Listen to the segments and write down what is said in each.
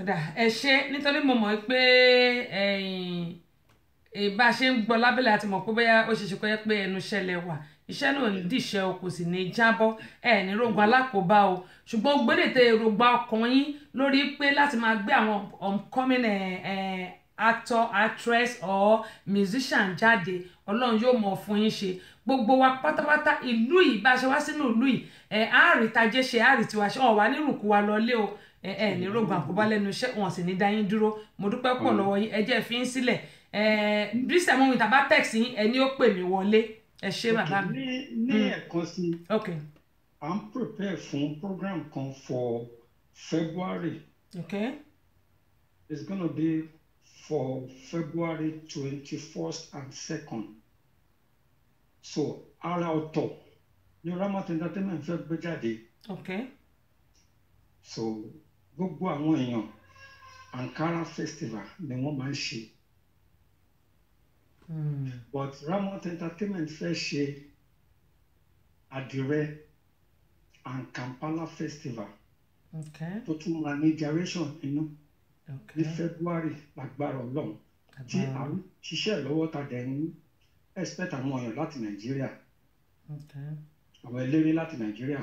ọ̀dà ẹ ṣe nítorí mo mọ̀ pé bá a ṣe ń gbọ́ lábẹ́lẹ̀ àti mọ̀ pé bóyá ó ṣeéṣe kọ́ yẹ pé ẹnu ṣẹlẹ̀ wà iṣẹ́ náà ń dìṣẹ́ o kò sì ní jábọ́ ẹ ní rògbò alákòóbá o ṣùgbọ́n o gbẹ́dẹ̀tẹ̀ rògbò ọkàn yín lórí pé láti máa gbé àwọn oncoming actor actress or musician jáde ọlọ́run yóò mọ̀ fún yín ṣe gbogbo wa pátápátá ìlú yìí bá a ṣe wá sínú ìlú yìí ẹ̀ àárí tajẹ́ ṣe àárí tiwa ṣe ọ̀wá nírùkú wa lọ́lé o ẹ ní rògbà kó bá lẹ́nu iṣẹ́ wọn sì ní dá dúró mo dúpẹ́ pọ̀ lọ́wọ́ yín ẹ jẹ́ fi ń sílẹ̀ ẹ bírísà mọ́ mi tàbá text yín ẹ ní ó pè mí wọlé ẹ ṣé bàbá mi. ní hmm. ẹ̀kan sí i i'm prepare fún program kan for february okay. it's gonna be for february twenty-first and second so ara ọ̀tọ̀ ni ramat entertainment fẹ́ gbé jáde. okay. so gbogbo àwọn èèyàn Ankara festival ni wọ́n máa ń ṣe hmm. but Ramot entertainment fẹ́ ṣe àdìrẹ and Kampala festival tó tún máa ní duration inú ní February lágbára Ọlọ́run tí à ń ṣiṣẹ́ lọ́wọ́ ta dẹ̀ ń expect àwọn èèyàn láti Nàìjíríà àwọn eléré láti Nàìjíríà.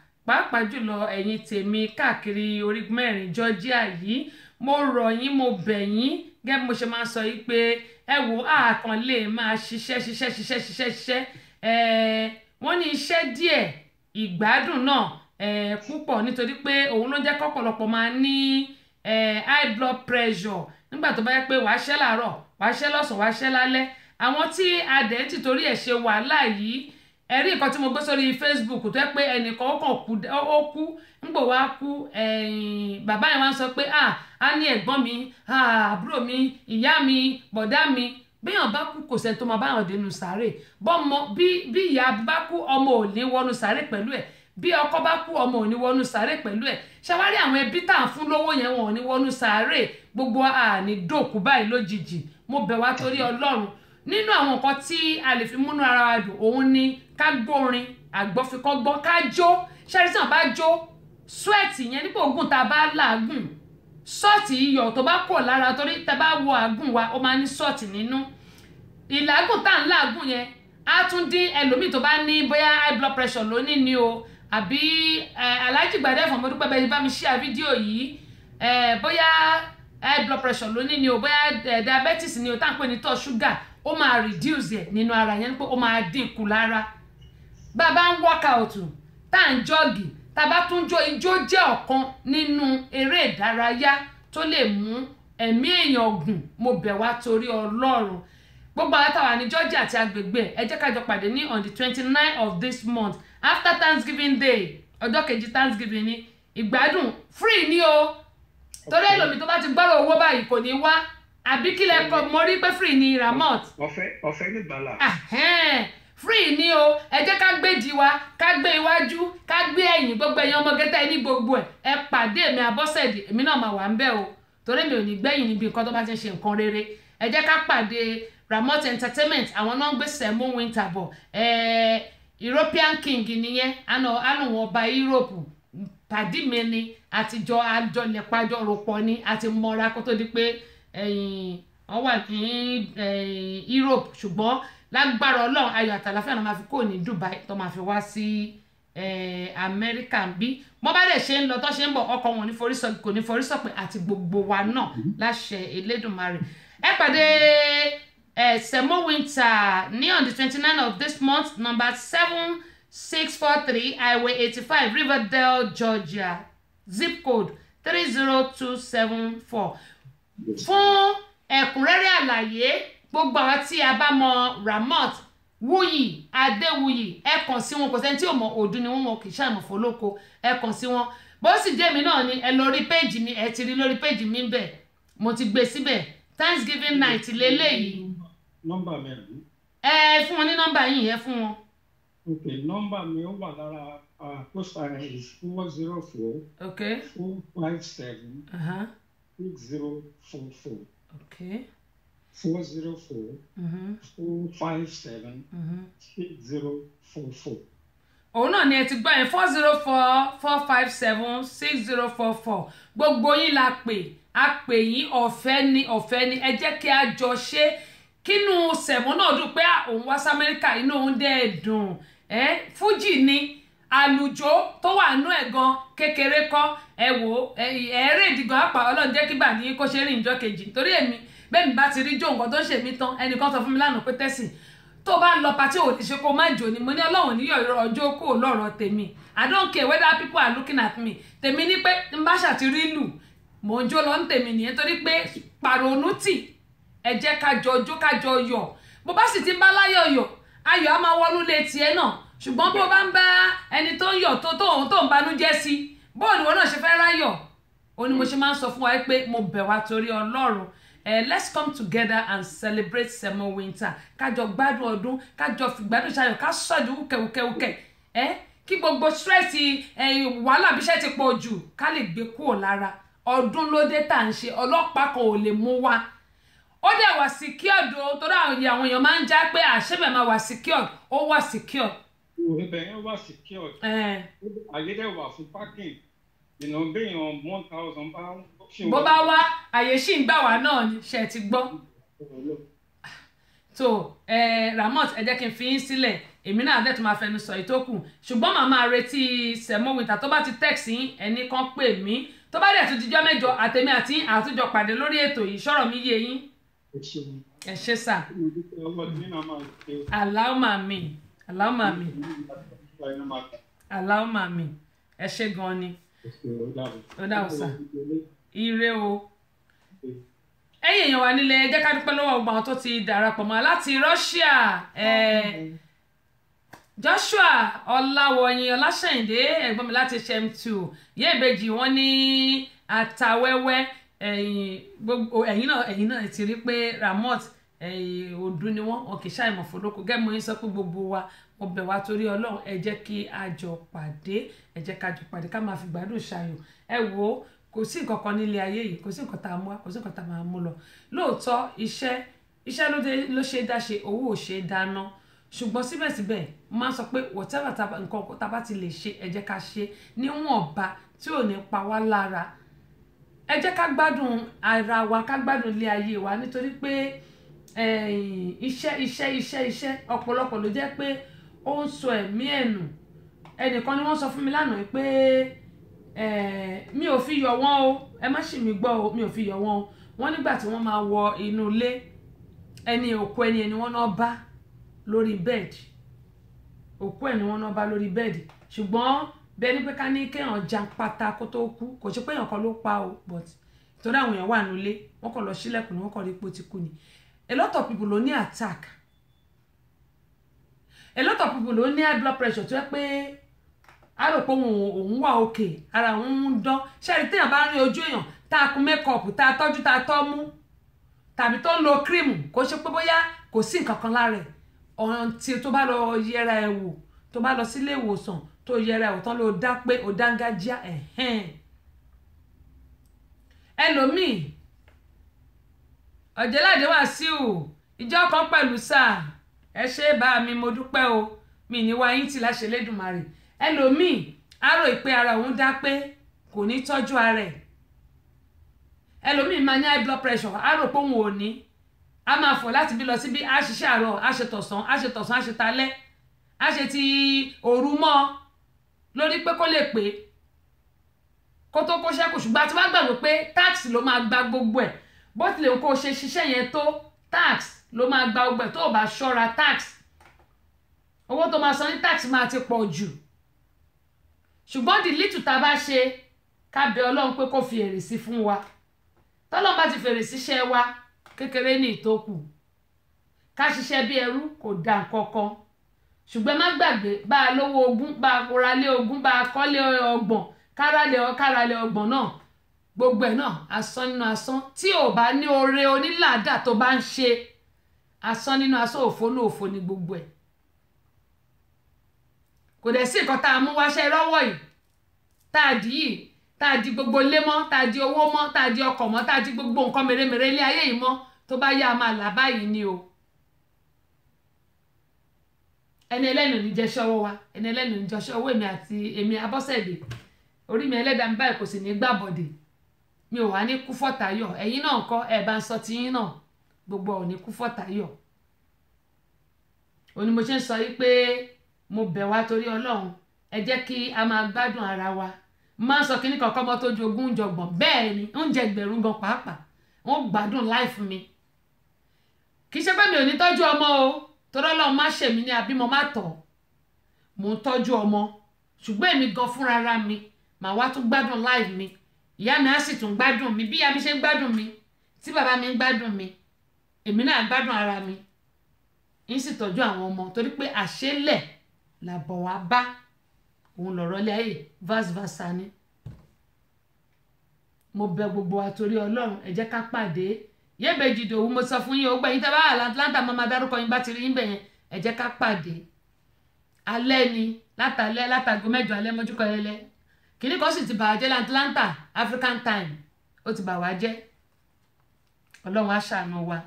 pàápàá jùlọ ẹ̀yin tèmi káàkiri orígun mẹ́rin Georgia yìí mo rọ̀ yín mo bẹ̀ yín gẹ́gẹ́ mo ṣe máa ń sọ yìí pé ẹ wo àkàn lè máa ṣiṣẹ́ ṣiṣẹ́ ṣiṣẹ́ ṣiṣẹ́ ṣiṣẹ́ ẹ wọ́n ní iṣẹ́ díẹ̀ ìgbádùn náà ẹ púpọ̀ nítorí pé òun ló jẹ́ kọ́pọ̀lọpọ̀ máa ní ẹ high blood pressure nígbà tó bá yẹ pé wàá ṣẹ́ làárọ̀ wàá ṣẹ́ lọ́sàn-án wàá ṣẹ́ lálẹ́ àwọn tí adẹ̀ ń tìtorí ẹ̀ ṣe wàhálà yìí ẹ̀rí nǹkan tí mo gbé sórí Facebook tó yẹ pé ẹnìkan ó kàn kú ó kú wá kú bàbá yẹn wá sọ pé a a ní ẹ̀gbọ́n mi àbúrò mi ìyá mi bọ̀dá mi béèyàn bá kú kò sẹ́ni tó máa báyàn dénú sáré bọ́mọ bí bí ọmọ ò ní wọnú sáré ọkọ bá ọmọ ò ní wọnú sáré ṣàwárí àwọn ẹbí tá à ń gbogbo àní dòkú báyìí lójijì mo wá torí nínú àwọn nǹkan tí a lè fi múnú ara wa dùn òun ni ká gbórin àgbọ́fikọ́gbọ́ ká jó ṣẹ́rìsàn bá jó sweat yẹn nípa oògùn tá a bá làágùn sọ́ọ̀tì iyọ̀ tó bá kọ̀ lára torí tá a bá wọ àágùn wa ó máa ní sọ́ọ̀tì nínú ìlàágùn tá à ń làágùn yẹn á tún dín ẹlòmíì tó bá ní bóyá high blood pressure lónìí ni o àbí aláàjì gbàdé ẹ̀fọ̀n mọ́dúpẹ́ bẹ́ẹ̀ bá mi share fídíò yìí bóyá high blood pressure lónìí ni o bóyá diabetes ni o tá à ń pè ní tọ́ ṣúgà ó máa reduce ẹ̀ nínú ara yẹn pé ó máa dínkù lára bàbá ń workout tá à ń jọ́ọ̀gì tàbá tún jó ijó jẹ́ ọ̀kan nínú eré ìdárayá tó lè mú ẹ̀mí èèyàn gùn mo bẹ̀ wá torí ọlọ́run gbogbo àwọn táwa ní Georgia àti agbègbè ẹ jẹ́ ká jọ pàdé ní on the twenty nine of this month after Thanksgiving day ọjọ́ kejì Thanksgiving ni ìgbádùn free ni o torí èlòmí tó bá ti gbọ́rọ̀ owó báyìí kò ní wá àbí kí lẹ kọ mo rí pé free ni Ramat. ọ̀fẹ́ ọ̀fẹ́ nígbàlà. free ni o ẹ jẹ́ ká gbé diwa ká gbé iwájú ká gbé ẹ̀yìn gbogbo ẹ̀yìn ọmọ gẹ́tà ní gbogbo ẹ̀ ẹ pàdé èmi Abọ́sẹ̀dé èmi náà máa wà ń bẹ̀ o torí mi ò ní gbẹ̀yìn níbi nǹkan tó bá ti ń ṣe nǹkan rere ẹ jẹ́ ká pàdé Ramat Entertainment àwọn náà ń gbé sẹ́mú winter bọ̀ ẹ̀ẹ́ European King nìyẹn àna àlùwọ̀n ọba Europe pàdí mi ni àtijọ́ àjọlẹ̀pàjọ́ rọpọ̀ ni àti mọ́ra kó tó di pé wọ́n wà ní eh, Europe ṣùgbọ́n lágbára ọlọ́run ayọ̀ àtàlàfíà náà máa fi kúrò ní Dubai tó máa fi wá sí eh, Amẹ́ríkà ń bí wọ́n bá dẹ̀ ṣe ń lọ tó ṣe ń bọ̀ ọkọ̀ wọn kò ní forí sọ̀pẹ̀ àti gbogbo wa náà láṣẹ Elédùmarè ẹ pàdé eh, Semo Winter ní on the twenty nine of this month number seven six four three highway eighty five Riverdale Georgia zip code three zero two seven four fún ẹ̀kúnrẹ́rẹ́ àlàyé gbogbo àwọn tí a bá mọ Ramot Wuyi Adéwuyì ẹ kàn sí wọn kò sẹ́ni tí ò mọ òdu ni wọn kì í ṣàmùfọ́ lóko ẹ kàn sí wọn bó sì jẹ́ mi náà ni ẹ lọ rí péjì mi ẹ ti rí lórí péjì mi bẹ̀ mo ti gbé síbẹ̀ Thanksgiving night lélẹ́yìí. nọ́mbà mi àbí. ẹ fún wọn ní nọ́mbà yìí ẹ fún wọn. ok nọ́mbà mi ó wà lára uh, post-area four zero four. ok four five seven. 6044. Okay. 404 mm-hmm. 457 mm-hmm. 6044. òun náà ni ẹ ti gbọ́ yẹn four zero four four five seven six zero four four gbogbo yín la pè a pè yín ọ̀fẹ́ ni ọ̀fẹ́ ni ẹ jẹ́ kí a jọ ṣe kínú sẹ̀mọ́ náà dùn pé ah, òun wá sí amẹ́ríkà inú òun dẹ́ dùn ẹ́ fújì ni àlùjó tó wà nú ẹ̀ gan kékeré kọ́ ẹ wò ẹ ẹ̀ẹ́rẹ́ ìdìgbọ̀n àpà ọlọ́run jẹ́ kígbà ní kó ṣe rìn ìjọ kejì torí èmi bẹ́ẹ̀ mi bá ti rí jó nǹkan tó ń ṣe mí tán ẹnìkan sọ fún mi lánàá pé tẹ́sì tó bá lọ pàtí ò ní ṣe kó má jò ní mo ní ọlọ́run níyọ̀ ọjọ́ kó lọ́rọ̀ tèmi i don't care whether people are looking at me tèmi ní pé n bá ṣàtìrí lù mò ń jó lọ ń tèmi nìyẹn torí pé pàrònú tì ẹ jẹ́ ká jọ jó ká jọ yọ̀ bó bá sì ti bá láyọ̀ yọ̀ ayọ̀ á máa wọnú lé tiẹ̀ náà ṣùgbọ́n bó bá ń bá ẹni tó ń yọ̀ tó tóun tó ń banújẹ́ sí bóun ni wọn náà ṣe fẹ́ ráyọ̀ ó ní mo ṣe máa ń sọ fún wa pé mo bẹ̀ wá torí ọlọ́run Uh, let's come together and celebrate Semo Winter kájọ gbádùn ọdún kájọ fìgbádùn ṣayọ̀ ká sọdún wúkẹwúkẹwúkẹ ẹ eh, kí gbogbo stress eh, wàhálà bíṣẹ́ ti pọ̀ jù ká lè gbé kúrò lára ọdún ló dé tá à ń ṣe ọlọ́pàá kan ò lè mú wa ó dẹ̀ wà secured o torí àwọn èèyàn máa ń já pé àṣẹ́bẹ̀ máa wà secured ó wà secured ibẹ̀ yẹn wà secured. àyè dẹ̀ wà fún parking ìnà béèyàn one thousand bá ṣì wà. bó bá wá àyè ṣì ń gbà wá náà ni ṣe ti gbọ́. tó Ramot ẹ jẹ́ kí n fi yín sílẹ̀ èmi náà dẹ̀ tún máa fẹnu sọ ìtókù ṣùgbọ́n màmá retí Semo Winter tó bá ti text yín ẹni kan pè mí tó bá dẹ̀ tún dijọ́ mẹ́jọ àtẹ̀mí àti àtúnjọ pàdé lórí ètò yìí sọ̀rọ̀ mi yé yín. ẹ ṣe sà. aláwọ̀ mi aláwọ̀ máa mi aláwọ̀ máa goni. Oda ṣe gan ni ó dà ọ̀sà ire o ẹ̀yin èèyàn wa nílé ẹ jẹ́ ká dúpẹ́ lọ́wọ́ gbogbo ti darapọ̀ mọ́ láti Russia Joshua Ọláwọ̀yìn Ọláṣẹ̀yìndé ẹ̀gbọ́n mi láti HM2 yéèbejì wọn ní àtàwẹ́wẹ́ ẹ̀yin náà ẹ̀yin náà ti rí pé Ramot odu ni wọn wọn kì í gẹ́gẹ́ mo yín sọ pé gbogbo wa mo bẹ̀ wá torí ọlọ́run ẹ jẹ́ kí a jọ pàdé ẹ jẹ́ ká jọ pàdé ká máa fi gbádùn ṣàyò ẹ wo kò sí nǹkan kan nílé ayé yìí kò sí nǹkan tá a mú wá kò sí nǹkan tá a máa mú lọ lóòótọ́ iṣẹ́ iṣẹ́ ló ṣe é dá ṣe owó ò ṣe é dáná ṣùgbọ́n síbẹ̀síbẹ̀ máa sọ pé whatever nǹkan tá a bá ti lè ṣe ẹ jẹ́ ká ṣe níwọ̀nba tí ò ní pa wá lára ẹ jẹ́ ká gbádùn ara wa ká gbádùn ilé ayé wa nítorí pé iṣẹ́ iṣẹ́ iṣẹ́ iṣẹ́ ọ̀pọ̀lọpọ̀ ló jẹ́ pé ó ń sọ ẹ̀mí ẹ̀ nù ẹnìkan ni wọ́n sọ fún mi lánàá pé mi ò fi yọ̀ wọ́n o ẹ má ṣì mí gbọ́ o mi ò fi yọ̀ wọ́n o wọ́n nígbà tí wọ́n máa wọ inú ilé ẹni òkú ẹni ẹni wọ́n náà bá lórí bẹ́ẹ̀dì òkú ẹni wọ́n náà bá lórí bẹ́ẹ̀dì ṣùgbọ́n bẹ́ẹ̀ ni pé ká ní kéèyàn jan pátá kó tó kú kò ṣe pé èèyàn kan ló pa o but torí àwọn èèyàn wà nílé wọ́n kàn lọ sílẹ̀kùn ni wọ́n kàn rí pé ni A lot of people only attack. A lot of people only have blood pressure tó yẹ pé a rò pé òun òun wà òkè ara òun ń dán ṣáàrí téèyàn bá rí ojú èèyàn tá a kun makeup tá a tọ́jú tá a tọ́ mú tàbí tó ń lo kírìmù kó ṣe pé bóyá kò sí nǹkan kan lára ẹ̀ ọ̀ràn tí tó bá lọ yẹra ẹ̀ wò tó bá lọ sílé ìwòsàn tó yẹra ẹ̀ wò tán ló dá pé ọ̀jẹ̀láde wàsíù ìjọ kan pẹ̀lú sáà ẹ ṣe bá mi mo dúpẹ́ o mi ní wá yín tì láṣẹ lẹ́dùnmarè ẹlòmíì arò ìpè ara òun dá pé kò ní tọ́jú ara ẹ̀ ẹlòmíì máa ní high blood pressure arò pé òun ò ní a máa fọ̀ láti bí lọ síbi a ṣiṣẹ́ àárọ̀ a ṣe tọ̀sán a ṣe tọ̀sán a ṣe talẹ́ a ṣe ti òru mọ́ lórí pé kó lè pé kó tó kó ṣẹ́kù ṣùgbọ́n a ti wá gbàgbọ́ pé táàkì ló máa gba gbogbo ẹ̀ bó tilẹ̀ nǹkan ṣe ṣiṣẹ́ yẹn tó tax ló máa gba ọgbẹ́ tó o bá ṣọ́ra tax owó tó máa san ní tax máa ti pọ̀ jù ṣùgbọ́n di lítù tá a bá ṣe ká bẹ ọlọ́run pé kó fi èrè fún wa tọ́lọ́run bá ti fèrè síṣẹ́ wa kékeré ní ìtókù ká ṣiṣẹ́ bí ẹrú kò dà kankan ṣùgbọ́n má gbàgbé bá a lówó ogún bá a kóralé ogún bá a kọ́lé ọgbọ̀n káralé ọgbọ̀n náà gbogbo ẹ̀ náà asán nínú asán tí ò bá ní oore onílàádà tó bá ń ṣe asán nínú asán òfo ní òfo ni gbogbo ẹ̀ kò dẹ̀ sí nǹkan tá a mú wáṣẹ́ lọ́wọ́ yìí tá a dì yìí tá a di gbogbo ilé mọ́ tá a di owó mọ́ tá a di ọkọ̀ mọ́ tá a di gbogbo nǹkan mèremère ilé ayé yìí mọ́ tó bá yá a máa là báyìí ni o ẹni ẹlẹ́nu ní jẹ́ ṣọ́wọ́ wa ẹni ẹlẹ́nu ní jẹ́ ṣọ́wọ́ èmi àti èmi abọ́sẹ̀dé orí mi ẹlẹ́dàá mi báyìí kò sì ní gbàbọ̀dé mi ò wá ní kú fọ́tayọ̀ ẹ̀yin náà kọ́ ẹ̀ bá ń sọ tiyín náà gbogbo ò ní kú fọ́tayọ̀ òní mo ṣe ń sọ yìí pé mo bẹ̀ wá torí ọlọ́run ẹ jẹ́ kí a máa gbádùn ara wa máa sọ kíní kankan mọ́ tó jogún ń jọgbọ̀n bẹ́ẹ̀ ni oúnjẹ ìgbẹ̀rún gan pàápàá wọ́n gbádùn láìfún mi kì í ṣe pé mi ò ní tọ́jú ọmọ o torí ọlọ́run má ṣèmi ní abímọ má tọ̀ mò ń tọ́jú ọmọ ṣùgbọ́n èmi gan fúnra ra mi màá wá tún gbádùn láìfún mi ìyá mi á sì tún gbádùn mi bí ìyá mi ṣe ń gbádùn mi tí bàbá mi ń gbádùn mi èmi náà gbádùn ara mi ń sì tọ́jú àwọn ọmọ torí pé àṣélẹ̀ làbọ̀ wá bá òun lọ̀rọ̀ ilé ayé vice ni mo bẹ gbogbo wa torí ọlọ́run ẹ jẹ́ ká pàdé yẹ́bẹ̀jì dòwú mo sọ fún yín o gbẹ̀yìn tẹ́ bá Atlanta mo máa dárúkọ yín bá ti rí yín bẹ̀yẹn ẹ jẹ́ ká pàdé alẹ́ ni látàlẹ́ látàgọ́ mẹ́jọ alẹ́ mọ́jú kọ́ lẹ́lẹ́ kìnní kan sì ti bà wá jẹ́ lantilanta African time ó ti bà wá jẹ́ ọlọ́run á wa.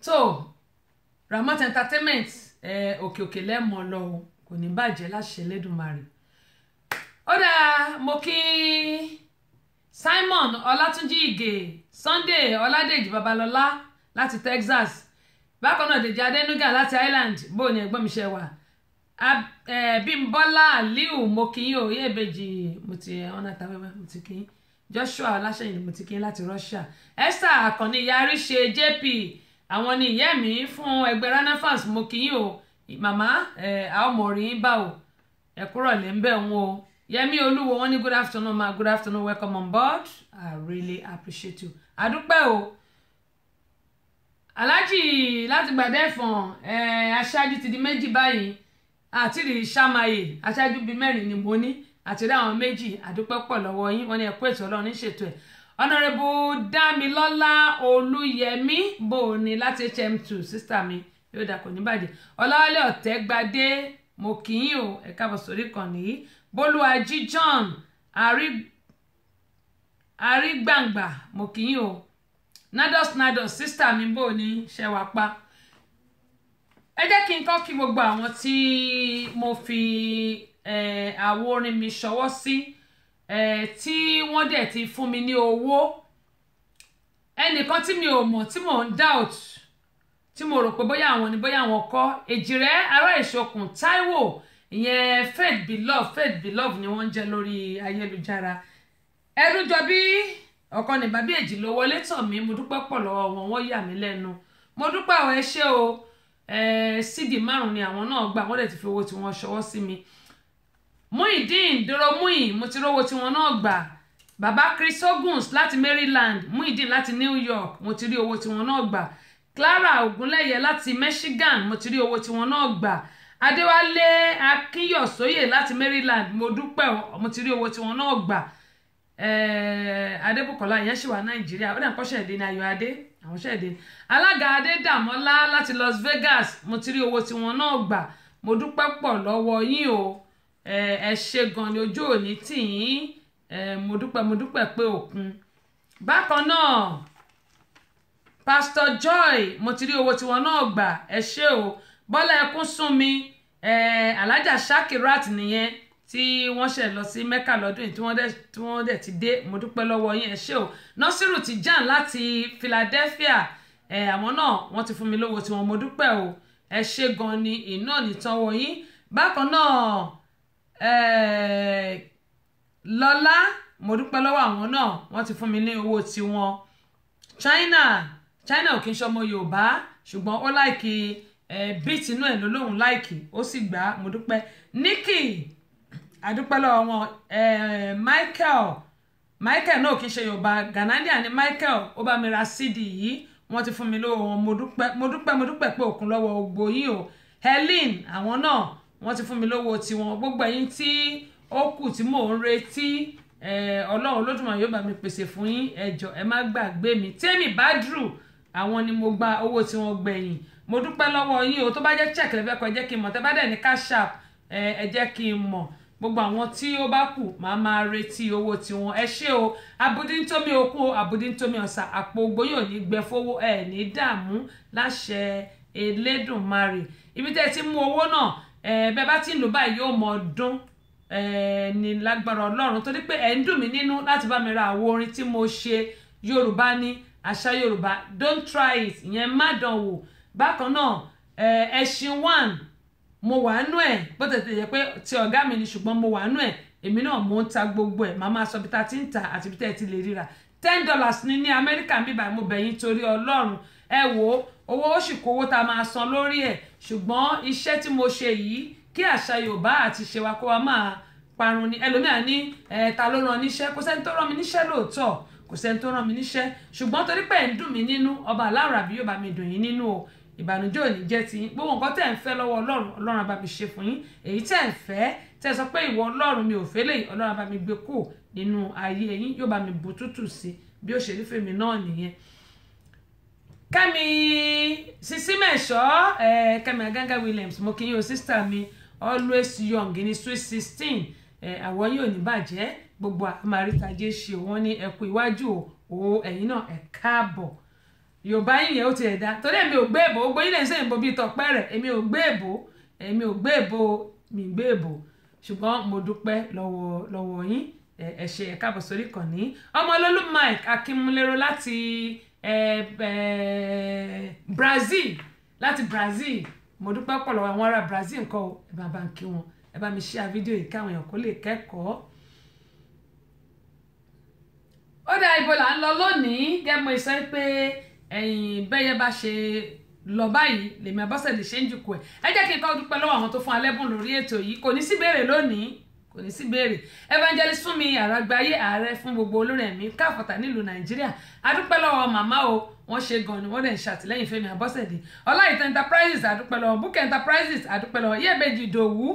so Ramat Entertainment òkè òkè lẹ́mọ̀ lọ kò ní bàjẹ́ láṣẹ lẹ́dùnmarè. ó dáa mo kí Simon Ọlátúnjí Ìgè Sunday Ọládèjì Babalọlá láti Texas bákan náà Dèjì Adénúgà láti Ireland bóun ni ẹ̀gbọ́n mi ṣe wà. Bímbọ́lá Aliu mo kí yín o Yèbèjì mo ti ọ̀nà tàwẹ́wẹ́ mo ti kí Joshua Ọláṣẹ́yìn mo ti kí láti Russia Esther Akànni yarí ṣe JP àwọn ni ìyá mi fún ẹgbẹ́ Rana fans mo kí yín o màmá àọmọrin bá o ẹ̀kúrọ̀ lè ń bẹ̀ wọn o Yẹmi Olúwo wọn ní good afternoon ma good afternoon welcome on board I really appreciate you àdúpẹ́ o aláàjì láti gbàdẹ́fọ̀n aṣáájú ti di méjì báyìí àti rí sàmáyé aṣáájú bíi mẹ́rin ni mo ní àti rí àwọn méjì àdúpẹ́ pọ̀ lọ́wọ́ yín wọ́n ní ẹ̀kú ètò ọlọ́run ń ṣètò ẹ̀ ọ̀nàrẹ́bù dámilọ́lá olúyẹmí bò ní láti hm2 sísítà mi yóò dà kò ní bàjẹ́ ọláwálé ọ̀tẹ́gbadé mo kì í o ẹ káàbọ̀ sórí kan nìyí bólúwàjí john àrígbàǹgbà mo kì í o nados nados sísítà mi bò ní ṣẹ́wàá pa ẹ jẹ́ kí n kọ́ kí gbogbo àwọn tí mo fi àwo orin mi ṣọwọ́ sí tí wọ́n dẹ̀ ti fún mi ní owó ẹnìkan tí mi ò mọ̀ tí mò ń doubt tí mo rò pé bóyá àwọn ni bóyá àwọn kọ́ èjìrẹ́ ará ìṣokùn Táíwò ìyẹn faith be love faith be love ni wọ́n ń jẹ́ lórí ayélujára ẹrú bí ọ̀kan ní bàbá èjì ló wọlé tọ̀ mí mo dúpẹ́ pọ̀ lọ́wọ́ wọn wọ́n yà mí lẹ́nu mo dúpẹ́ ọ̀ ẹ ṣé o sídìí márùn ni àwọn náà gbà wọ́n dẹ̀ ti fi owó tí wọ́n ṣọwọ́ sí mi Muideen dúró Muideen mo ti rówó tí wọ́n náà gbà Baba Chris Oguns láti Maryland Muideen láti New York mo ti rí owó tí wọ́n náà gbà Clara Ogunleye láti Michigan mo ti rí owó tí wọ́n náà gbà Adéwálé Akínyọ̀sóyè láti Maryland mo dúpẹ́ mo ti rí owó tí wọ́n náà gbà Adébùkọ́lá ìyẹn ṣì wà Nàìjíríà ó dà kọ́ṣẹ́ ìdí ní Ayọ̀ Adé àwọn ṣẹ́ẹ̀dẹ̀ alága adédàmọ́lá láti las vegas mo ti rí owó tiwọn náà gbà mo dúpẹ́ pọ̀ lọ́wọ́ yín o ẹ ṣe gan ni ojú òní tì yín mo dúpẹ́ mo dúpẹ́ pé òkun bákan náà pastor joy mo ti rí owó tiwọn náà gbà ẹ ṣé o bọ́lá ẹkún sún mi alájà shakirat nìyẹn tí wọ́n ṣe lọ sí mẹ́kà lọ́dún yìí tí wọ́n dẹ̀ tí wọ́n dẹ̀ ti dé mo dúpẹ́ lọ́wọ́ yín ẹ ṣé o Nasiru Tijan láti Philadelphia ẹ àmọ́ náà wọ́n ti fún mi lówó tiwọn mo dúpẹ́ o ẹ ṣé gan ni iná nìtọ́wọ́ yín bákan náà ẹ lọ́lá mo dúpẹ́ lọ́wọ́ àwọn náà wọ́n ti fún mi ní owó tiwọn China China ò kí ń ṣọmọ Yorùbá ṣùgbọ́n ó láìkì ẹ bíìtì inú ẹ̀ ló lóun láìkì ó sì gbà á mo dúpẹ́ Nikki àdúpẹ́ lọ́wọ́ wọn eh, Michael Michael náà kì í ṣe Yorùbá Ghanaian ni Michael ó bá mi ra cd yìí wọ́n ti fún mi lówó wọn mo dúpẹ́ mo dúpẹ́ mo dúpẹ́ pé òkun lọ́wọ́ ògbó yìí o Helen àwọn náà wọ́n ti fún mi lówó tiwọn gbogbo ẹ̀yin tí ó kù tí mò ń retí eh, Ọlọ́run Olódùmarè yóò bá mi pèsè fún yín ẹ ẹ má gbàgbé mi Tèmi Badru àwọn ni mo gba owó tí wọ́n gbẹ̀yìn mo dúpẹ́ lọ́wọ́ yín o tó bá jẹ́ check lẹ́fẹ̀ẹ́ kọ ẹ jẹ́ kí n mọ̀ tẹ́ bá dẹ̀ ní cash app eh, ẹ jẹ́ kí n mọ̀ gbogbo àwọn tí ó bá kù máa máa retí owó tiwọn ẹ ṣé o abudintomi okun o abudintomi ọ̀sà àpò ògbóyò ní gbẹfowó ẹ ní dààmú láṣẹ Elédùmarè ibi tẹ́ ti mú owó náà bẹ́ẹ̀ bá ti ń lò báyìí yóò mọ ọdún ní lágbára ọlọ́run torí pé ẹ̀ ń dùn mí nínú láti bá mi ra àwo orin tí mo ṣe yorùbá ní àṣà yorùbá don't try it ìyẹn má dán wò bákan náà ẹ̀sìn one mo wà nú ẹ̀ bó tètè yẹ pé ti ọ̀gá mi ni ṣùgbọ́n mo wà nú ẹ̀ èmi náà mo ń ta gbogbo ẹ̀ màá máa sọ bí ta ti ń ta àti bí ta ti lè ríra ten dollars ni ní amẹ́ríkà ń bíbá mo bẹ̀yìn torí ọlọ́run ẹ wò ó owó ó sì kówó tá a máa san lórí ẹ̀ ṣùgbọ́n iṣẹ́ tí mo ṣe yìí kí àṣà yorùbá àti ṣe wa kó wa máa parun ni ẹlòmíà ní ẹ ta ló rán níṣẹ́ kò sẹ́ni tó rán mi níṣẹ́ lóòótọ́ kò sẹ́ni tó rán mi níṣẹ́ ṣùgbọ́n torí pé ń dùn mí nínú ọba aláwọ̀ àbí yóò bá mi dùn yín nínú o ìbànújẹ́ ò ní jẹ́ ti yín gbogbo nǹkan tẹ̀ ń fẹ́ lọ́wọ́ ọlọ́run ọlọ́run á bá mi ṣe fún yín èyí tẹ̀ ń fẹ́ tẹ̀ sọ pé ìwọ ọlọ́run mi ò fẹ́ lè ọlọ́run á mi gbé kù nínú ayé yín yóò bá mi bù tútù sí bí ó ṣe rí fèmí náà nìyẹn. kẹ́mi sísímẹ̀ṣọ́ kẹ́mi aganga williams mo kí yín o sísítà mi always young ní sweet sixteen àwọn yóò ní bàjẹ́ gbogbo àmàrítajé ṣe wọ́n ní ẹ̀kú iwájú o ẹ̀yin náà ẹ káàbọ̀ yorùbá yìí yẹn ó ti ẹ̀dá torí èmi ò gbé èbò ó gbóyìn lè ṣe ìbò bíi tọpẹ́ rẹ̀ èmi ò gbé èbò èmi ò gbé èbò mi gbé èbò ṣùgbọ́n mo dúpẹ́ lọ́wọ́ lọ́wọ́ yín ẹ ṣé ẹ káàbọ̀ sórí ìkànnì ọmọ olólù mike akínmúlérò láti brazil láti brazil mo dúpẹ́ pọ̀ lọ́wọ́ àwọn ará brazil nǹkan o ẹ bá bá ń kí wọn ẹ bá mi ṣe à fídíò yìí káwọn èèyàn kó lè kẹ́kọ̀ọ́ ó dá ibo là ń lọ lónìí gẹ́gbọ́n ìsọ pé ẹ̀yìn bẹ́yẹ bá ṣe lọ báyìí lèmi Abọ́sẹ̀dé ṣe ń jùkú ẹ̀ ẹ jẹ́ kí n kọ́ dúpẹ́ lọ́wọ́ àwọn tó fún alẹ́bùn lórí ètò yìí kò ní sí lónìí kò ní sí béèrè evangelist Fúnmi Àràgbáyé ààrẹ fún gbogbo olórin ẹ̀mí káfọ̀tà nílùú Nàìjíríà adúpẹ́ lọ́wọ́ màmá o wọ́n ṣe gan ni wọ́n dẹ̀ ń ṣàtìlẹ́yìn Fẹ́mi Abọ́sẹ̀dé Ọláìtàn enterprises adúpẹ́ lọ́wọ́ Bukka enterprises adúpẹ́ lọ́wọ́ Iyèbèjì Ìdòwú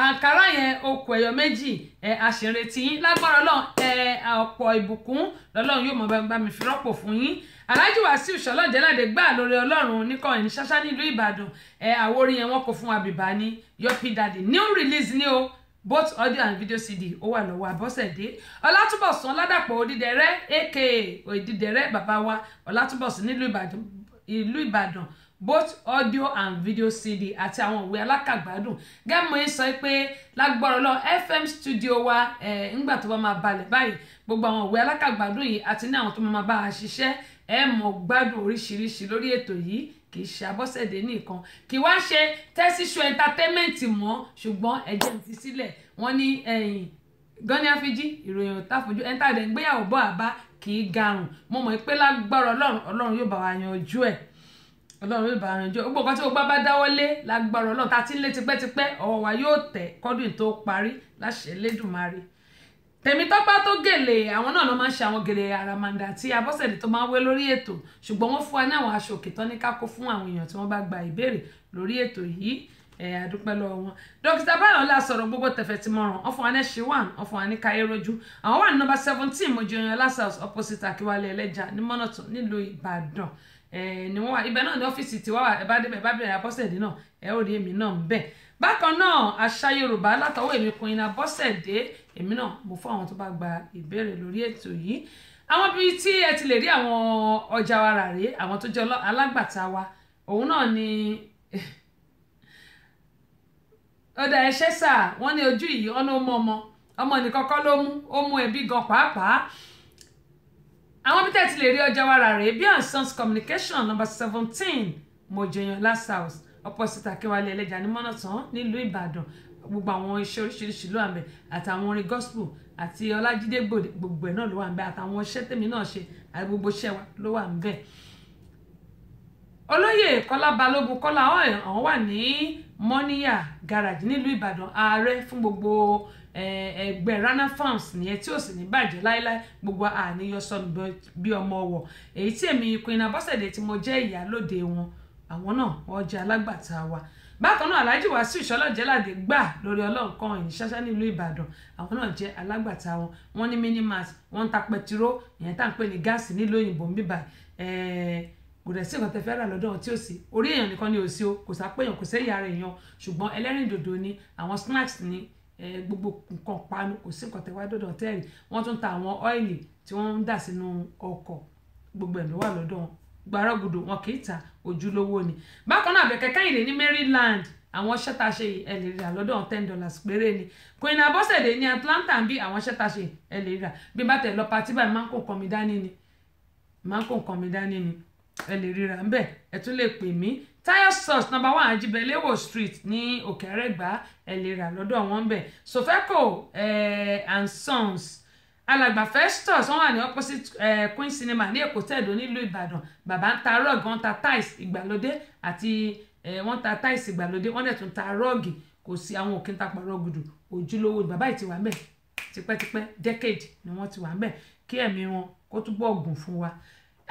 àǹkárá yẹn okùn ẹ̀yọ méjì ẹ̀ àṣìrètí yín lágbára Ọlọ́run ẹ̀ ọ̀pọ̀ ìbùkún lọ́lọ́run yóò mọ bá mi fi rọ́pò fún yín Alhaji Wasiu Ṣọlọ́jẹ́ládé gbà lórí Ọlọ́run nìkan ẹ̀ní ṣáṣá nílùú Ìbàdàn ẹ̀ àwòrán yẹn wọn kò fún wa bìbá ní yọpidadi new release ni o both audio and video cd ó wà lọ́wọ́ Abọ́sẹ̀dé Ọlátúbọ̀sún Ládàpọ̀ Odídẹrẹ́ aka Odídẹrẹ́ bàbá wa Ọlátúbọ̀sún nílùú Ìbàdàn ìlú Ìbàdàn both audio and video cd àti àwọn ìwé alákàgbádùn gẹ́gẹ́ mọ́ ẹ sọ pé lágbọ́rọ̀ lọ fm studio wa ẹ̀ ńgbà tó bá máa balẹ̀ báyìí gbogbo àwọn ìwé alákàgbádùn yìí àti ní àwọn tó máa bá a ṣiṣẹ́ ẹ̀ mọ̀ gbádùn oríṣiríṣi lórí ètò yìí kì í ṣe abọ́sẹ̀dé nìkan kì wá ṣe tẹ́síṣu entertainment mọ́ ṣùgbọ́n ẹ̀jẹ̀ ń fi sílẹ̀ wọ́n ní ẹ̀yìn gani afiji ìròyìn ọ̀tàfojú ẹ̀ńtàdé ń gbéyàwó bọ́ àbá kì í garùn mo mọ̀ pé lágbára ọlọ́run ọlọ́run yóò bá wa yanjú ẹ̀ ọlọ́run yóò bá wa yanjú ẹ̀ gbogbo nǹkan tí gbogbo bá dáwọ́lé lágbára ọlọ́run tá a ti lé tipẹ́tipẹ́ ọwọ́ wa yóò tẹ̀ kọ́dún tó parí láṣẹ Elédùmarè Tèmítọ́pẹ́ tó gèlè àwọn náà ló máa ń ṣe àwọn gèlè àràmàǹdà tí Abọ́sẹ̀dé tó máa ń wé lórí ètò ṣùgbọ́n wọ́n fún wa ní àwọn aṣọ òkè tán ní kákó fún àwọn èèyàn tí wọ́n bá gba ìbéèrè lórí ètò yìí ẹ àdúpẹ́ lọ́wọ́ wọn. dókítà Báyọ̀lá sọ̀rọ̀ gbogbo tẹ̀fẹ̀ tí mo ràn ọ̀fun wa nẹ́ṣẹ̀ wà ọ̀fun wa ní káyérójú àwọn wà ní nọ́mbà seventeen mojoyan last house opposite Akíwálé ẹlẹ́jà ní mọ́nàtún nílùú Ìbàdàn ẹ ni wọ́n wà ibẹ̀ náà ní ọ́fíìsì tiwa wà ẹ bá débẹ̀ bá bẹ̀rẹ̀ Abọ́sẹ̀dé náà ẹ ó rí èmi náà ń bẹ̀ bákan náà àṣà yorùbá látọwọ́ èmi kun iná bọ́sẹ̀dé èmi náà mo fún àwọn tó bá gba ìbéèrè lórí ètò yìí àwọn bíi tí ẹ ti lè rí àwọn ọjà wa rà rèé àwọn tó jẹ́ alágbàtà wa òun náà ni ọ̀dà ẹ̀ṣẹ́ sà wọ́n ní ojú yìí ọ̀nà ọmọ ọmọ ọmọ nìkan kọ́ ló mú ó mú ẹbí gan pàápàá àwọn bí tẹ́ ti lè rí ọjà wa rà rèé bí ansans communication number seventeen mojoyan last house ọpọsítà Akínwálé ẹlẹ́jà ní mọ́nàtán nílùú Ìbàdàn gbogbo àwọn iṣẹ́ oríṣiríṣi ló wà ń bẹ̀ àtàwọn orin gospel àti Ọlájídé gbogbo ẹ̀ náà ló wà ń bẹ̀ àtàwọn iṣẹ́ tèmi náà ṣe àti gbogbo iṣẹ́ wa ló wà ń bẹ̀. olóyè Kọ́lá Balógun Kọ́lá ọ̀hún wà ní Mọ́níyà garage nílùú Ìbàdàn ààrẹ fún gbogbo ẹgbẹ́ Rana Farms nìyẹn tí ò sì ní bàjẹ́ láéláé gbogbo àníyàn sọnù bí ọmọ ọwọ́ èyí tí èmi Queen Abọ́sẹ̀dé tí mo jẹ́ ìyálóde wọn àwọn náà wọ́n jẹ́ alágbàtà wa bákan náà alhaji wàsíù sọlọ́jẹ́ládé gbà lórí ọlọ́nkan ìní ṣáṣá nílùú ìbàdàn àwọn náà jẹ́ alágbàtà wọn wọ́n ní minimas wọ́n ń ta pẹtiró ìyẹn tá à ń pè ní gáàsì nílùú òyìnbó ń bíbà kò dẹ̀ sí nǹkan tẹ́ fẹ́ rà lọ́dọ̀ wọn tí ó sì orí èèyàn nìkan ni ò sí o kò sápéyàn kò sẹ́yà ara èèyàn ṣùgbọ́n ẹlẹ́rìndòdò ni àwọn snacks ni gbogbo nǹkan panu kò sí nǹkan tẹ́ wá dọ̀dọ̀ tẹ́ẹ̀rì wọ́n tún ta àwọn ọ́ìlì tí wọ́n ń dà sínú ọkọ̀ gbogbo ẹ̀ ló wà lọ́dọ̀ gbàrọ́gùdù wọn kì í ta ojúlówó ni bákan náà Àbẹ̀kẹ́ Kẹ́hìndé ní Maryland àwọn iṣẹ́ tá a ṣe ẹ lè rà lọ́dọ̀ ten dollars péré ni Queen Abọ́sẹ̀dé ní Atlanta bí àwọn iṣẹ́ tá a ṣe ẹ lè rà bí bá tẹ̀ lọ patí báyìí máa ń kó nǹkan mi dání ni máa ń kó nǹkan mi dání ni ẹ lè ríra ẹ tún lè pè mí tire source number one ajibelewo street ní òkè àrẹ́gbá ẹ lè rà lọ́dọ̀ wọn ńbẹ Sofeco eh, and Sons alàgbà festus wọn wà ní opposite eh, queen cinema ní èkó tẹ̀dó nílùú ìbàdàn bàbá ń ta rọ́ọ̀gì wọ́n ta tiles ìgbàlódé àti eh, wọ́n ta tiles ìgbàlódé wọ́n dẹ̀ tún ta rọ́ọ̀gì kò sí àwọn òkè ń ta pàrọ̀ gùdù ojúlówó bàbá yìí ti wà mẹ́ tipẹ́tipẹ́ decade ni wọ́n ti wà mẹ́ kí ẹ̀mí wọn kó túbọ̀ gùn fún wa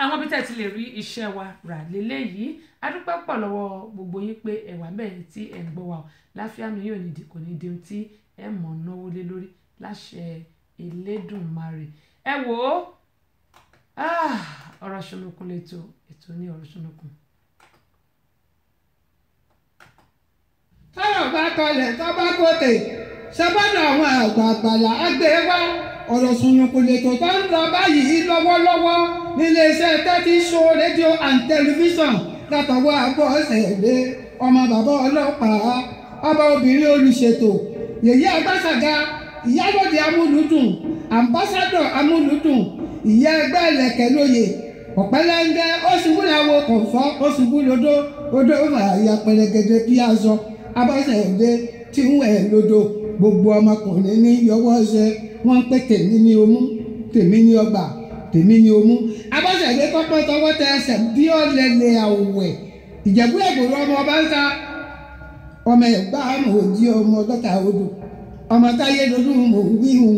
àwọn bí tẹ́ ti lè rí iṣẹ́ wa rà lélẹ́yìí adúpẹ́ pọ̀ lọ́wọ́ gbogbo yín pé ẹ̀wà mẹ́rin tí ẹ̀ ń gbọ́ wa láfíà mi yóò ní ìdí kò ní di ohun tí ẹ̀ mọ̀ náwó lé lórí láṣẹ Elédùmarè ẹ wò ó ah, ọ̀rọ̀ ṣonukun lẹ́tọ̀ ètò ní ọ̀rọ̀ ṣonukun. tọ́rọ̀ bá kọlẹ̀ tó bá kọtẹ̀ ṣẹ́bọ́dọ̀ àwọn àgbààgbàlà agbèrèwá e ọ̀rọ̀ ṣonukun lẹ́tọ̀ tó ń lọ báyìí lọ́wọ́lọ́wọ́ níléeṣẹ́ tẹ́tí ṣó rédíò and tẹlifíṣàn látọwọ́ àbọ̀ ọ̀sẹ̀ ẹ̀gbẹ́ ọmọ bàbá ọlọ́pàá ọba obìnrin olùṣètò yèyí àgbàṣàgà ìyálòdì amúlùdùn ambassadọ amúlùdùn ìyá ẹgbẹ́ ẹlẹ́kẹ̀ lóye ọ̀pẹ́lẹ́ńgẹ́ oṣùbù làwọn kọ̀ǹfọ́ oṣùbù lodò odò ìwà ìyá pẹlẹgẹdẹ bí aṣọ abáṣẹ̀dẹ tí ń wẹ̀ lodò gbogbo ọmọkùnrin ní yọwọ́ ṣe wọ́n pé tèmi ni omú tèmi ni ọgbà tèmi ni omú abáṣẹ̀dẹ kọ́kọ́ tọwọ́ tẹ ẹsẹ̀ bí ọ̀lẹ́lẹ̀ àwẹ̀ ìjẹ̀bú ẹ̀gbọ́n ọmọ ọba ń ta ọmọ ẹ̀gbá àmọ̀ òdi ọmọ ọgọ́ta odò ọmọ táyé lọ́dún mò ń wí hun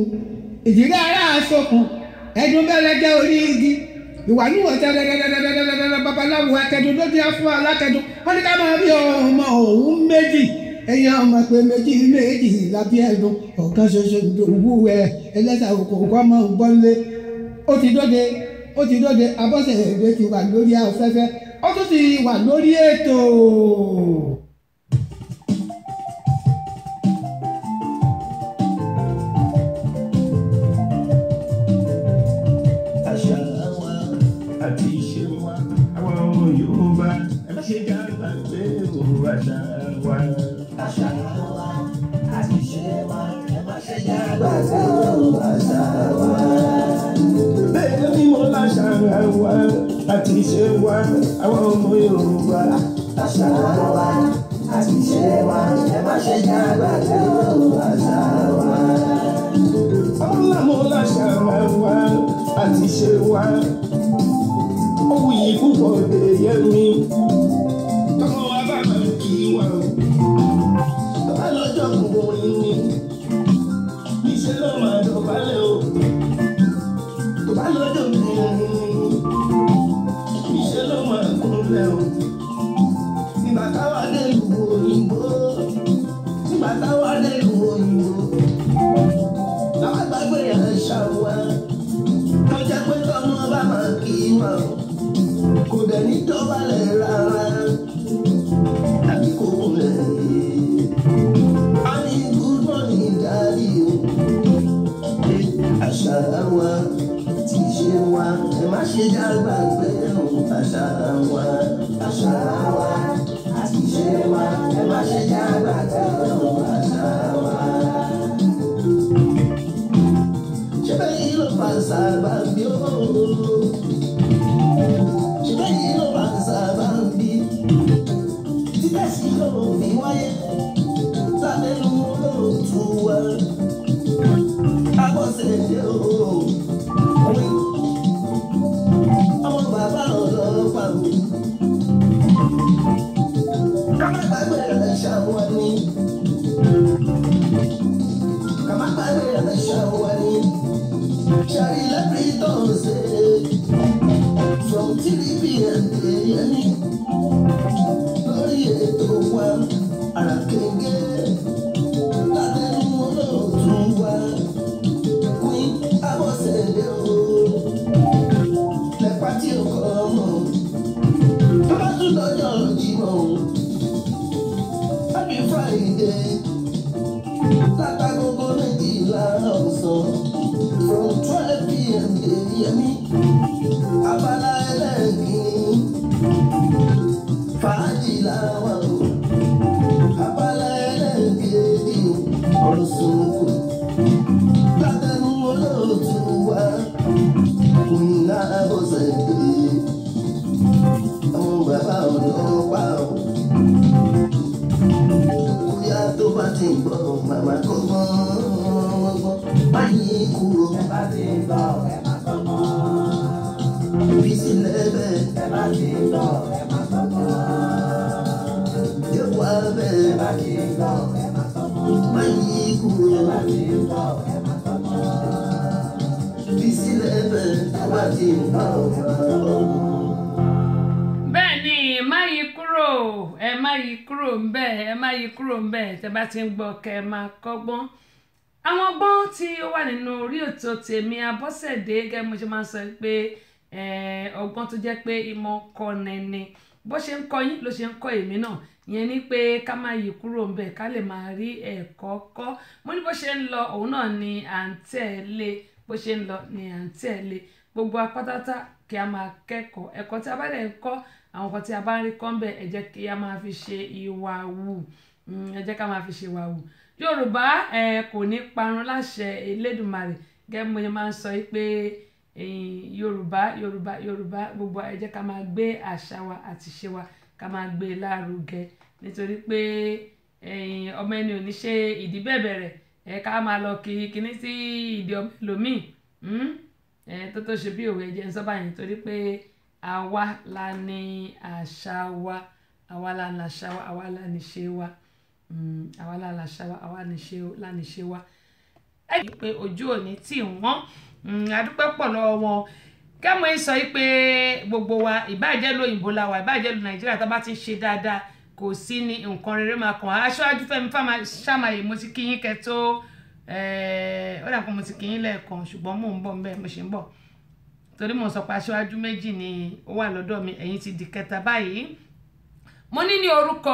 ìdílé ara àsokùn ẹdun bẹ́lẹ́jẹ́ orí igi ìwà níwọ̀ tẹ́ dẹ́dẹ́dẹ́dẹ́dẹ́dẹ́ babaláwo akẹ́dùn ló dé fún alákẹ́dùn wọ́n ní ká máa bí ọmọ òun méjì ẹ̀yin ọmọ pé méjì méjì lábí ẹ̀dùn ọ̀kan ṣoṣo ìdòwú ẹ̀ ẹlẹ́sà òkòkò ọmọ ògbọ́nlé ó ti dóde ó ti dóde abọ́sẹ̀ èdè ti wà lórí afẹ́fẹ́ ó tún ti wà lórí ètò. Yorùbá ẹ má ṣe gbàgbé òru àṣà wa. àṣà wa àti ìṣe wa ẹ má ṣe gbàgbé òru àṣà wa. bẹ́ẹ̀ ni mo láṣà wa àti ìṣe wa àwọn ọmọ Yorùbá. àṣà wa àti ìṣe wa ẹ má ṣe gbàgbé òru àṣà wa. àwọn làmúláṣà wa àti ìṣe wa fún òde yé mi. Tọ́kọ wa bá máa kí wa o. Bàbá lọ́jọ́ kò wọ́n ní mi. Níṣẹ́ ló máa dọ̀bálẹ̀ o. bẹ́ẹ̀ ni ẹ má yí kúrò ẹ má yí kúrò ńbẹ̀ ẹ má yí kúrò ńbẹ̀ tẹ́ bá ti ń gbọ́ kẹ́ ẹ máa kọ́gbọ́n àwọn ọgbọ́n tí ó wà nínú orí ètò tèmi Abọ́sẹ̀dé gẹ́gẹ́ mo ṣe máa ń sọ pé ọgbọ́n tó jẹ́ pé ìmọ̀ kọ́ni ni bó ṣe ń kọ́ yín ló ṣe ń kọ́ èmi náà yẹn ni pé ká má yí kúrò ńbẹ̀ ká lè máa rí ẹ̀kọ́ kọ́ mo ní bó ṣe ń lọ òun náà ni à ń tẹ̀lé e bó ṣe ń lọ ni à ń tẹ̀lé gbogbo apátátá kí a máa kẹ́kọ̀ọ́ ẹ̀kọ́ tí a bá dẹ̀ ń kọ́ àwọn nǹkan tí a bá ń rí kọ́ ń bẹ̀ ẹ jẹ́ kí a máa fi ṣe ìwà wù hmm, ẹ jẹ́ ká máa fi ṣe ìwà wù yorùbá ẹ kò ní parun láṣẹ elédùnmarè gẹ́gẹ́ mo máa ń sọ pé yorùbá yorùbá yorùbá gbogbo ẹ jẹ́ ká máa gbé àṣà wa àti ṣe wa ká máa gbé e lárugẹ nítorí pé ọmọ ẹni ò ní ṣe ìdí bẹ̀bẹ̀ rẹ̀ ẹ ká máa lọ kí kinní sí ìdí ọmọ ẹlòmíì hmm? ẹ tó tó ṣe bí òwe jẹ́ ń sọ́bà yẹn torí pé àwa la ní àṣà wa àwa la ní àṣà wa àwa la ní ṣe wa hmm, àwa la ní àṣà wa àwa la ní ṣe wa. ẹ yí pé ojú òní tì wọ́n hmm, adúpẹ́ pọ̀ lọ́wọ́ wọn kẹ́mọ̀ ẹ sọ pé gbogbo wa ìbáàjẹ́ lóyìnbó la wà ìbáàjẹ́ lọ nàìjíríà tá bá ti ṣe dáadáa kò sí ní nǹkan rere máa kàn aṣáájú fẹ́mi ṣàmàyè mo ti kí yín kẹ́ tó eh, ó dà pé mo ti kí lẹ́ẹ̀kan ṣùgbọ́n mò ń bọ̀ ń bẹ̀ mo ṣe ń bọ̀ torí mo sọ pé aṣáájú méjì ni ó wà lọ́dọ̀ mi ẹ̀yin ti di kẹta báyìí mo ní ní orúkọ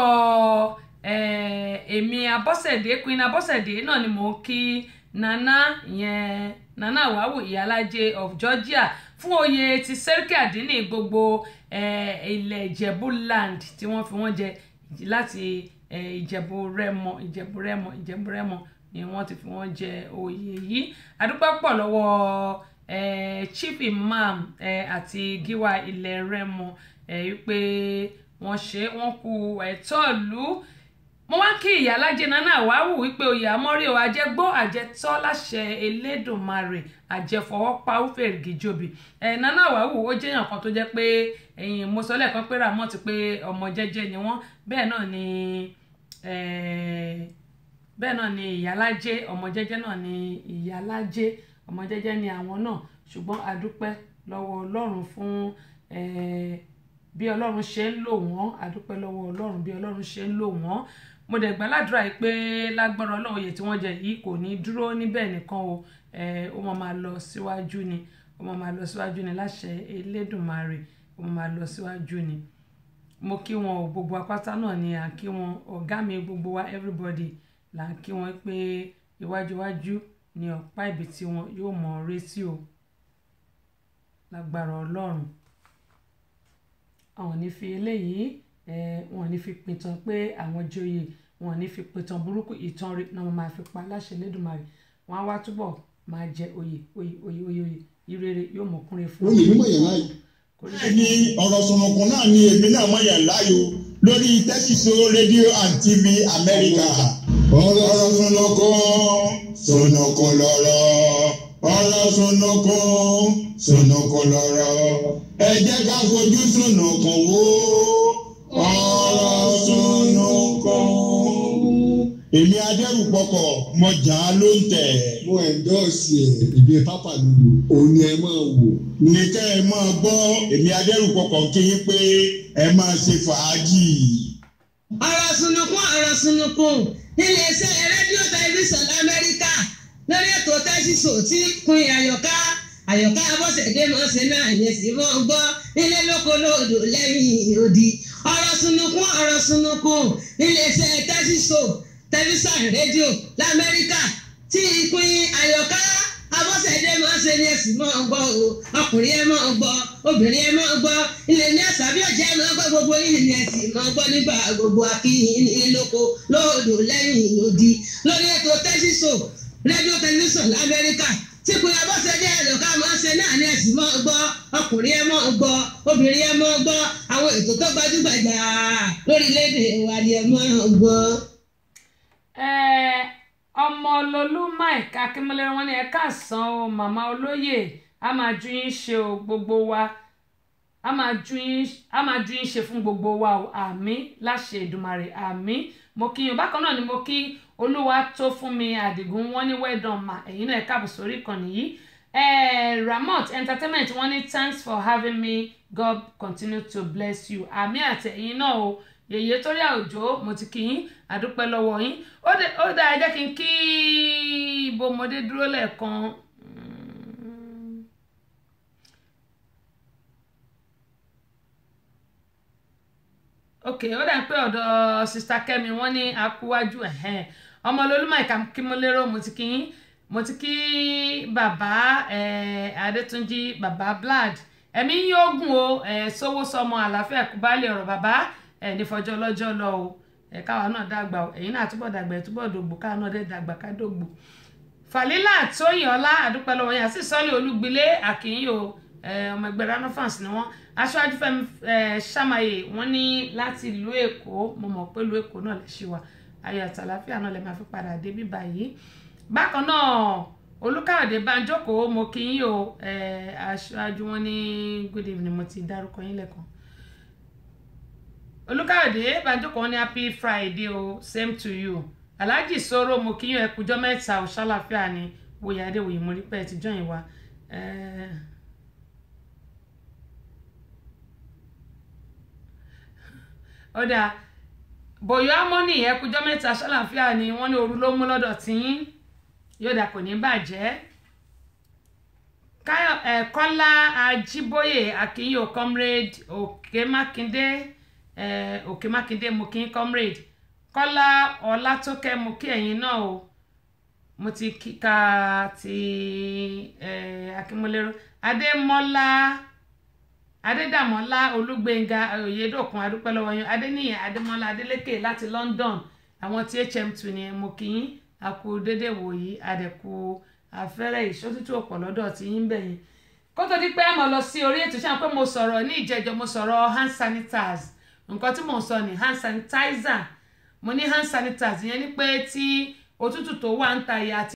eh, èmi abọ́sẹ̀dé queen abọ́sẹ̀dé náà ni mo kí nana yẹn nana awawu ìyálájé of Georgia fún oyè ti sẹ́ríkì àdínní gbogbo eh, ilẹ̀ ìjẹ̀bú land tí wọ́n fi wọ́n jẹ láti ìjẹ̀bú rẹ́mọ ìjẹ̀bú rẹ́mọ ìjẹ̀bú rẹ́mọ ni wọ́n ti fi wọ́n jẹ oyè yìí àdúpẹ́ pọ̀ lọ́wọ́ chief imam àti gíwá ilẹ̀ rẹ́mọ wípé wọ́n ṣe wọ́n kú ẹ̀tọ́ ìlú mo wá kí ìyá alájẹ nana àwáwù wípé oyè àmọ́rí o àjẹgbọ́ àjẹtọ́ láṣẹ elédùnmarè àjẹfọwọ́pá ufèrè gíjòbì ẹ̀ nana àwáwù ó jẹ́ èèyàn kan tó jẹ́ pé ẹ̀yìn mo sọ lẹ́ẹ̀kan pé ramọ́ ti pé ọmọ jẹ́jẹ́ ni wọ́n bẹ́ẹ̀ náà ni bẹ́ẹ̀ náà ni ìyá alájẹ ọmọ jẹ́jẹ́ náà ni ìyá alájẹ ọmọ jẹ́jẹ́ ni àwọn náà ṣùgbọ́n adúpẹ́ lọ́wọ́ ọlọ́run fún bí ọlọ́run ṣe ń lò wọ́n adúpẹ́ lọ́wọ́ ọlọ́run bí ọlọ́run ṣe ń lò wọ́n mo dẹ̀ gbà ládùúrà yìí pé lágbára ọlọ́run oyè tí wọ́n jẹ yìí kò ní dúró níbẹ̀ nìkan o ó máa máa lọ síwájú ni ó máa máa lọ síwájú ni láṣẹ elédùnmarè ó máa máa lọ síwájú ni mo kí wọn o gbogbo apáta náà ni à ń kí wọn ọ̀gá mi gbogbo wa everybody là ń kí wọn pé iwájúwájú ni ọ̀pá ibi tí wọn yóò mọ̀ ọ́ rétí o lágbára ọlọ́run àwọn ò ní fi eléyìí wọn ní fi pìtàn pé àwọn joyè wọn ní fi pìtàn burúkú ìtàn rẹ̀ náà máa fi pa aláṣẹ lẹ́dùnmarè wọn á wá túbọ̀ máa jẹ oyè oyè oyè oyè oyè ìrere yóò mọ̀ kúnre fún. oyè mímọ̀ yẹn láàyò ní ọ̀rọ̀ sọ̀rọ̀kùn náà ni èmi náà mọ̀ yẹn láàyò lórí tẹ́sísọ rédíò and tv amẹ́ríkà ọ̀rọ̀ sọ̀rọ̀kùn sọ̀rọ̀kùn lọ́rọ̀ ọ̀rọ̀ sunukun sunukun lọ̀rọ̀ ẹ jẹ́ ká fojú sunukun wò ó èmi adẹ́rùpọ̀kọ̀ mọ̀jà ló ń tẹ̀. mo ẹ̀ndọ́ọ̀sì ẹ̀ ìbí pápá lulu òun ẹ máa wò. nìkẹ́ ẹ máa gbọ́ èmi adẹ́rùpọ̀kọ̀ kí yín pé ẹ máa ṣe fàájì. ọ̀rọ̀ sunukun ọ̀rọ̀ sunukun nílé iṣẹ́ rédíò tẹlifíṣàn lamẹ́ríkà lórí ètò tẹ́sísò tí kun àyọ̀ká àyọ̀ká abọ́sẹ̀dé mọ̀ọ́sẹ̀ náà yẹn sì mọ́ gbọ́ nílé lóko lóòdò lẹ́yìn òdì sunukun ọ̀rọ̀ sunukun níléeṣẹ́ tẹ́sísò tẹlifíṣàn rédíò lamẹ́ríkà tí ìpín àyọ̀ká abọ́sẹ̀dé máa ń ṣe ní ẹ̀sìn máa ń gbọ́ o ọkùnrin ẹ máa ń gbọ́ obìnrin ẹ máa ń gbọ́ ilé ní ẹ̀sà bí ọ̀jẹ́ máa ń gbọ́ gbogbo ilé ní ẹ̀sìn máa ń gbọ́ nígbà gbogbo akíyìn ní lóko lóòdò lẹ́yìn lòdì lórí ètò tẹ́sísò rédíò tẹlifíṣàn lamẹ́ríkà tí kò yẹ bó ṣe jẹ́ ẹ̀lọ́ká máa ń ṣe náà ní ẹ̀sìn mọ́ gbọ́ ọkùnrin ẹ mọ́ gbọ́ obìnrin ẹ mọ́ gbọ́ àwọn ètò tó gbajúgbajà lórílẹ̀‐èdè wa ni ẹ mọ́ gbọ́. ọmọ olólù mike akínmọ́lé wọn ni ẹ káàsán o màmá olóyè a máa ju yín ṣe o gbogbo wa a máa ju yín ṣe fún gbogbo wa o àmín láṣẹ Èdùmàrè àmín mo kí yín bákan náà ni mo kí olúwa tó fún mi àdìgún wọn ní well ma ẹ̀yin náà ẹ káàbọ̀ sórí ìkànnì yìí Eh, Ramot Entertainment wọ́n ní thanks for having me God continue to bless you àmì àtẹ̀yìn náà o yèyé torí àwùjọ mo ti kí yín àdúpẹ́ lọ́wọ́ yín ó dáa jẹ́ kí n kí ibo dúró lẹ́ẹ̀kan ok ó dà ń pé ọ̀dọ̀ sista kẹ́mi wọ́n ní akúwájú ọmọ olólùmọ̀ ìka kí mo lérò mo ti kí mo ti kí bàbá adétúnjì bàbá blad ẹ̀mí yín ogun o sówó sọmọ àlàáfíà kúbálẹ̀ ọ̀rọ̀ bàbá ẹ̀ ní fọjọ́ lọ́jọ́ lọ o ẹ̀ káwa náà dàgbà o ẹ̀yin náà túbọ̀ dàgbà ẹ̀ dògbò káwa náà dé dàgbà ká dògbò fàlílà tóyìn ọlá àdúpẹ́ lọ́wọ́ yẹn àti sọ́ọ̀lì olúgbilé àkìyìn o Eh, ọmọ ẹgbẹ́ ranofans ni wọ́n aṣáájú fẹ́mi eh, ṣàmáyé wọ́n ní láti ìlú èkó mo mọ̀ pé ìlú èkó náà lè ṣe wà ayọ̀ àtàláfíà náà lè máa fi padà dé bí báyìí bákan náà olùkàdé banjoko mo kí yín o eh, aṣáájú wọn ní good evening mo ti dárúkọ yín lẹ́kọ̀ọ́ olùkàdé banjoko wọn ní happy friday o same to you alhaji soro mo kí yín o ẹkùjọ mẹ́ta ò ṣàlàfíà ni wòye adéwòye mo rí ti jọyìn wa. Uh, ọ̀dà bòyọ́ amọ́nì ẹ̀kújọ́ mẹ́ta ṣàlàáfíà ni wọ́n ní òru ló mú lọ́dọ̀ tiyín yọ̀dà kò ní bàjẹ́ kọ́lá ajíbóyè akínyó comrade òkè mákindé òkè mákindé mo kí comrade kọ́lá ọlátókẹ́ mo kí ẹ̀yin náà o mo ti kíka ti akínmọ́lérò adémọ́lá. Eh, adédàmọ́lá olúgbénga oyèdọ̀kun adúpẹ́lọ́wọ́yún adéníyàn adémọ́lá adélékè láti London àwọn tí HM2 ni mo kì í àkú dédé wòyí àdẹ̀kù afẹ́rẹ́ ìṣótútù ọ̀pọ̀ lọ́dọ̀ tí yín bẹ̀yìn kó tó di pé a mọ̀ lọ sí orí ètò ṣáà pé mo sọ̀rọ̀ ní ìjẹ́jọ́ mo sọ̀rọ̀ hand sanitizers nǹkan tí mò ń sọ ní hand sanitizer mo ní hand sanitizers ìyẹn ni pé tí òtútù tó wà ń ta ìyá